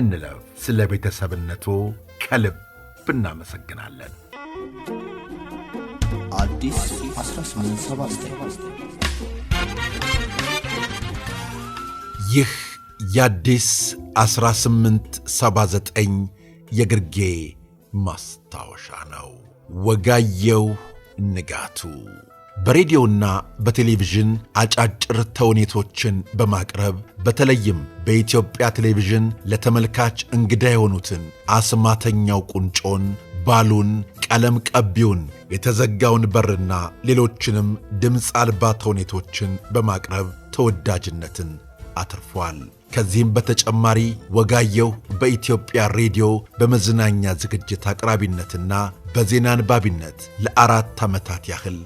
እንለፍ። ስለ ቤተሰብነቱ ከልብ እናመሰግናለን። ይህ የአዲስ 1879 የግርጌ ማስታወሻ ነው። ወጋየው ንጋቱ በሬዲዮና በቴሌቪዥን አጫጭር ተውኔቶችን በማቅረብ በተለይም በኢትዮጵያ ቴሌቪዥን ለተመልካች እንግዳ የሆኑትን አስማተኛው ቁንጮን፣ ባሉን፣ ቀለም ቀቢውን፣ የተዘጋውን በርና ሌሎችንም ድምፅ አልባ ተውኔቶችን በማቅረብ ተወዳጅነትን አትርፏል። ከዚህም በተጨማሪ ወጋየሁ በኢትዮጵያ ሬዲዮ በመዝናኛ ዝግጅት አቅራቢነትና በዜና አንባቢነት ለአራት ዓመታት ያህል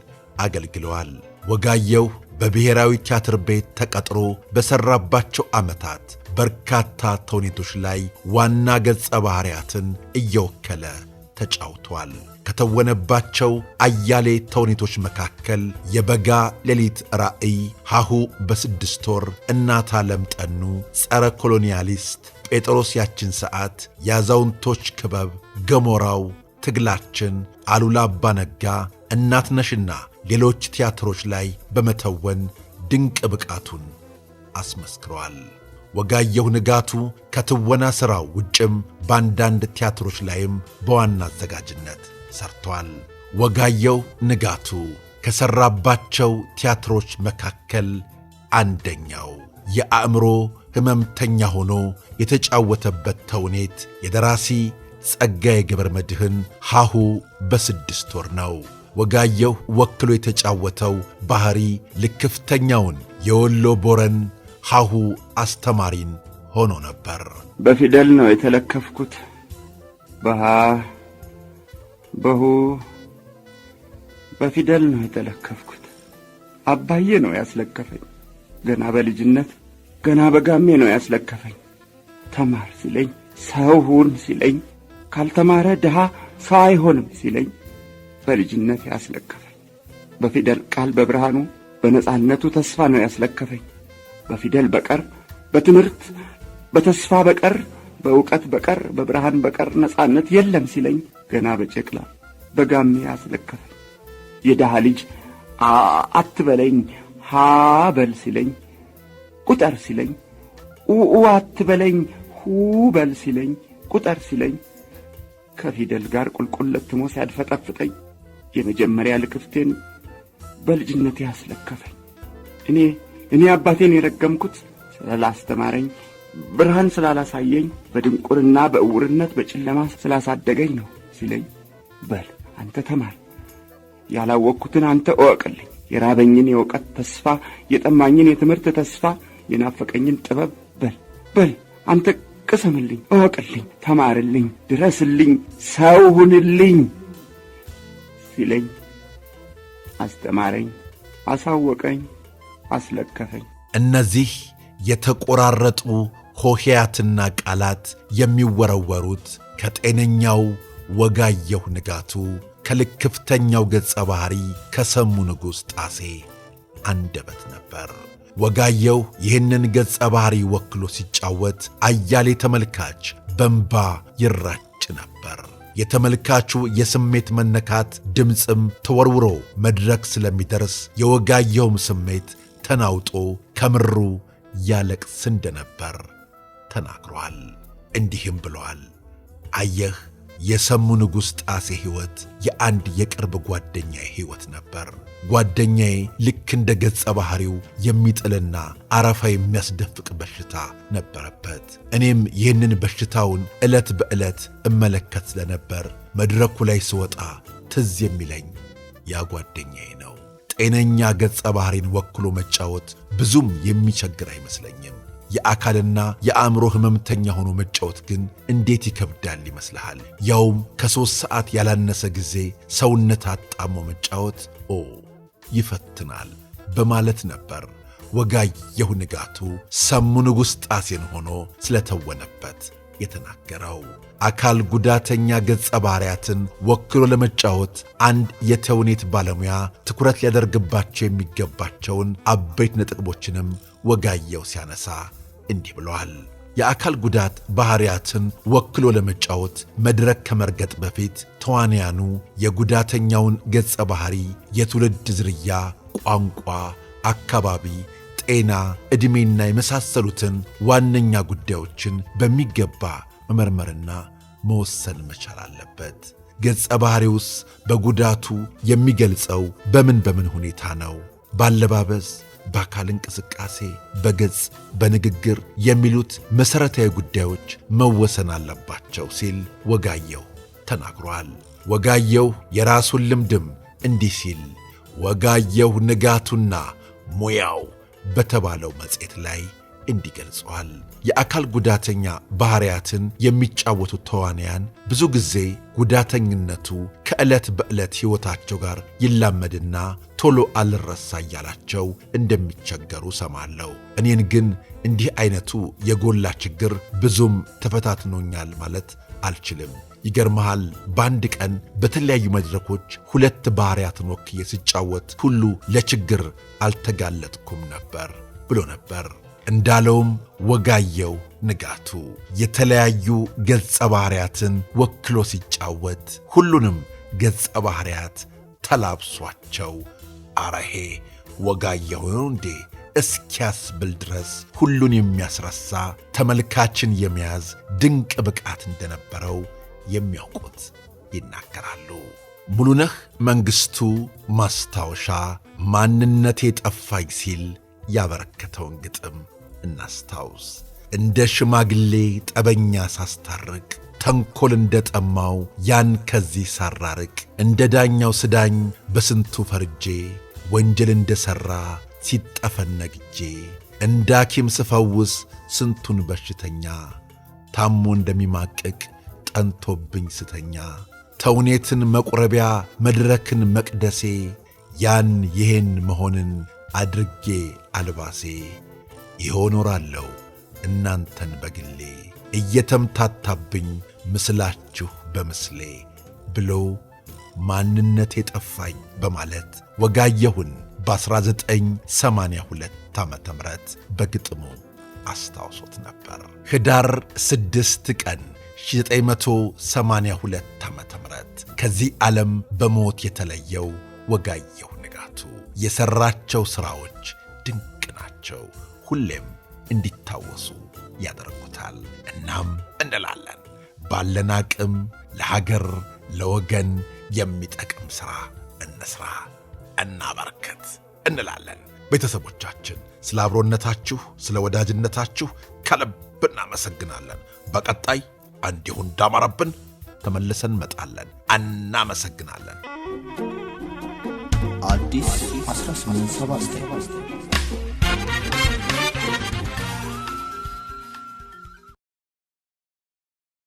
አገልግለዋል። ወጋየሁ በብሔራዊ ቲያትር ቤት ተቀጥሮ በሠራባቸው ዓመታት በርካታ ተውኔቶች ላይ ዋና ገጸ ባሕርያትን እየወከለ ተጫውቷል። ከተወነባቸው አያሌ ተውኔቶች መካከል የበጋ ሌሊት ራእይ፣ ሐሁ በስድስት ወር፣ እናት ዓለም ጠኑ፣ ጸረ ኮሎኒያሊስት፣ ጴጥሮስ ያችን ሰዓት፣ የአዛውንቶች ክበብ፣ ገሞራው፣ ትግላችን፣ አሉላ አባነጋ፣ እናትነሽና ሌሎች ቲያትሮች ላይ በመተወን ድንቅ ብቃቱን አስመስክሯል። ወጋየሁ ንጋቱ ከትወና ሥራው ውጭም በአንዳንድ ቲያትሮች ላይም በዋና አዘጋጅነት ሰርቷል። ወጋየሁ ንጋቱ ከሠራባቸው ቲያትሮች መካከል አንደኛው የአእምሮ ሕመምተኛ ሆኖ የተጫወተበት ተውኔት የደራሲ ጸጋዬ ገብረ መድኅን ሀሁ በስድስት ወር ነው። ወጋየሁ ወክሎ የተጫወተው ባህሪ ልክፍተኛውን የወሎ ቦረን ሐሁ አስተማሪን ሆኖ ነበር። በፊደል ነው የተለከፍኩት በሃ በሁ በፊደል ነው የተለከፍኩት። አባዬ ነው ያስለከፈኝ። ገና በልጅነት ገና በጋሜ ነው ያስለከፈኝ። ተማር ሲለኝ፣ ሰው ሁን ሲለኝ፣ ካልተማረ ድሃ ሰው አይሆንም ሲለኝ በልጅነት ያስለከፈኝ በፊደል ቃል በብርሃኑ በነጻነቱ ተስፋ ነው ያስለከፈኝ። በፊደል በቀር በትምህርት በተስፋ በቀር በእውቀት በቀር በብርሃን በቀር ነጻነት የለም ሲለኝ ገና በጨቅላ በጋሜ ያስለከፈኝ። የድሃ ልጅ አትበለኝ ሃበል ሲለኝ ቁጠር ሲለኝ ኡ አትበለኝ ሁበል ሲለኝ ቁጠር ሲለኝ ከፊደል ጋር ቁልቁል ለትሞ ሲያድፈጠፍጠኝ የመጀመሪያ ልክፍቴን በልጅነቴ ያስለከፈኝ እኔ እኔ አባቴን የረገምኩት ስላላስተማረኝ ብርሃን ስላላሳየኝ በድንቁርና በእውርነት በጨለማ ስላሳደገኝ ነው ሲለኝ፣ በል አንተ ተማር፣ ያላወቅኩትን አንተ እወቅልኝ፣ የራበኝን የእውቀት ተስፋ፣ የጠማኝን የትምህርት ተስፋ፣ የናፈቀኝን ጥበብ በል በል አንተ ቅሰምልኝ፣ እወቅልኝ፣ ተማርልኝ፣ ድረስልኝ፣ ሰው ሁንልኝ ይለኝ፣ አስተማረኝ፣ አሳወቀኝ፣ አስለከፈኝ። እነዚህ የተቆራረጡ ሆሄያትና ቃላት የሚወረወሩት ከጤነኛው ወጋየሁ ንጋቱ ከልክፍተኛው ገጸ ባህሪ ከሰሙ ንጉሥ ጣሴ አንደበት ነበር። ወጋየሁ ይህንን ገጸ ባህሪ ወክሎ ሲጫወት አያሌ ተመልካች በንባ ይራጭ ነበር። የተመልካቹ የስሜት መነካት ድምፅም ተወርውሮ መድረክ ስለሚደርስ የወጋየውም ስሜት ተናውጦ ከምሩ ያለቅስ እንደነበር ተናግሯል። እንዲህም ብለዋል። አየህ የሰሙ ንጉሥ ጣሴ ሕይወት የአንድ የቅርብ ጓደኛ ሕይወት ነበር። ጓደኛዬ ልክ እንደ ገጸ ባህሪው የሚጥልና አረፋ የሚያስደፍቅ በሽታ ነበረበት። እኔም ይህንን በሽታውን ዕለት በዕለት እመለከት ስለነበር መድረኩ ላይ ስወጣ ትዝ የሚለኝ ያ ጓደኛዬ ነው። ጤነኛ ገጸ ባህሪን ወክሎ መጫወት ብዙም የሚቸግር አይመስለኝም። የአካልና የአእምሮ ሕመምተኛ ሆኖ መጫወት ግን እንዴት ይከብዳል ይመስልሃል? ያውም ከሦስት ሰዓት ያላነሰ ጊዜ ሰውነት አጣሞ መጫወት ኦ ይፈትናል በማለት ነበር ወጋየሁ ንጋቱ ሰሙ ንጉሥ ጣሴን ሆኖ ስለተወነበት የተናገረው። አካል ጉዳተኛ ገጸ ባሕርያትን ወክሎ ለመጫወት አንድ የተውኔት ባለሙያ ትኩረት ሊያደርግባቸው የሚገባቸውን አበይት ነጥቦችንም ወጋየሁ ሲያነሳ እንዲህ ብለዋል። የአካል ጉዳት ባሕርያትን ወክሎ ለመጫወት መድረክ ከመርገጥ በፊት ተዋንያኑ የጉዳተኛውን ገጸ ባሕሪ፣ የትውልድ ዝርያ፣ ቋንቋ፣ አካባቢ፣ ጤና፣ ዕድሜና የመሳሰሉትን ዋነኛ ጉዳዮችን በሚገባ መመርመርና መወሰን መቻል አለበት። ገጸ ባሕሪውስ በጉዳቱ የሚገልጸው በምን በምን ሁኔታ ነው? ባለባበስ በአካል እንቅስቃሴ፣ በገጽ በንግግር የሚሉት መሠረታዊ ጉዳዮች መወሰን አለባቸው ሲል ወጋየሁ ተናግሯል። ወጋየሁ የራሱን ልምድም እንዲህ ሲል ወጋየሁ ንጋቱና ሙያው በተባለው መጽሔት ላይ እንዲገልጸዋል። የአካል ጉዳተኛ ባሕርያትን የሚጫወቱት ተዋንያን ብዙ ጊዜ ጉዳተኝነቱ ከዕለት በዕለት ሕይወታቸው ጋር ይላመድና ቶሎ አልረሳ እያላቸው እንደሚቸገሩ ሰማለሁ። እኔን ግን እንዲህ ዐይነቱ የጎላ ችግር ብዙም ተፈታትኖኛል ማለት አልችልም። ይገርመሃል፣ በአንድ ቀን በተለያዩ መድረኮች ሁለት ባሕርያትን ወክዬ ስጫወት ሁሉ ለችግር አልተጋለጥኩም ነበር ብሎ ነበር። እንዳለውም ወጋየው ንጋቱ የተለያዩ ገጸ ባህርያትን ወክሎ ሲጫወት ሁሉንም ገጸ ባህርያት ተላብሷቸው አረሄ ወጋየው እንዴ እስኪያስብል ድረስ ሁሉን የሚያስረሳ ተመልካችን የመያዝ ድንቅ ብቃት እንደነበረው የሚያውቁት ይናገራሉ። ሙሉነህ መንግሥቱ ማስታወሻ ማንነቴ ጠፋኝ ሲል ያበረከተውን ግጥም እናስታውስ። እንደ ሽማግሌ ጠበኛ ሳስታርቅ ተንኰል እንደ ጠማው ያን ከዚህ ሳራርቅ እንደ ዳኛው ስዳኝ በስንቱ ፈርጄ ወንጀል እንደ ሠራ ሲጠፈነግጄ እንደ አኪም ስፈውስ ስንቱን በሽተኛ ታሞ እንደሚማቅቅ ጠንቶብኝ ስተኛ ተውኔትን መቁረቢያ መድረክን መቅደሴ ያን ይሄን መሆንን አድርጌ አልባሴ ይኸው እናንተን በግሌ እየተምታታብኝ ምስላችሁ በምስሌ ብሎ ማንነቴ ጠፋኝ በማለት ወጋየሁን በ1982 ዓ ም በግጥሙ አስታውሶት ነበር። ህዳር 6 ቀን 1982 ዓ ም ከዚህ ዓለም በሞት የተለየው ወጋየሁ ንጋቱ የሠራቸው ሥራዎች ድንቅ ናቸው። ሁሌም እንዲታወሱ ያደርጉታል። እናም እንላለን ባለን አቅም ለሀገር ለወገን የሚጠቅም ሥራ እንስራ፣ እናበርከት እንላለን። ቤተሰቦቻችን ስለ አብሮነታችሁ፣ ስለ ወዳጅነታችሁ ከልብ እናመሰግናለን። በቀጣይ እንዲሁ እንዳማረብን ተመልሰን እንመጣለን። እናመሰግናለን። አዲስ 1879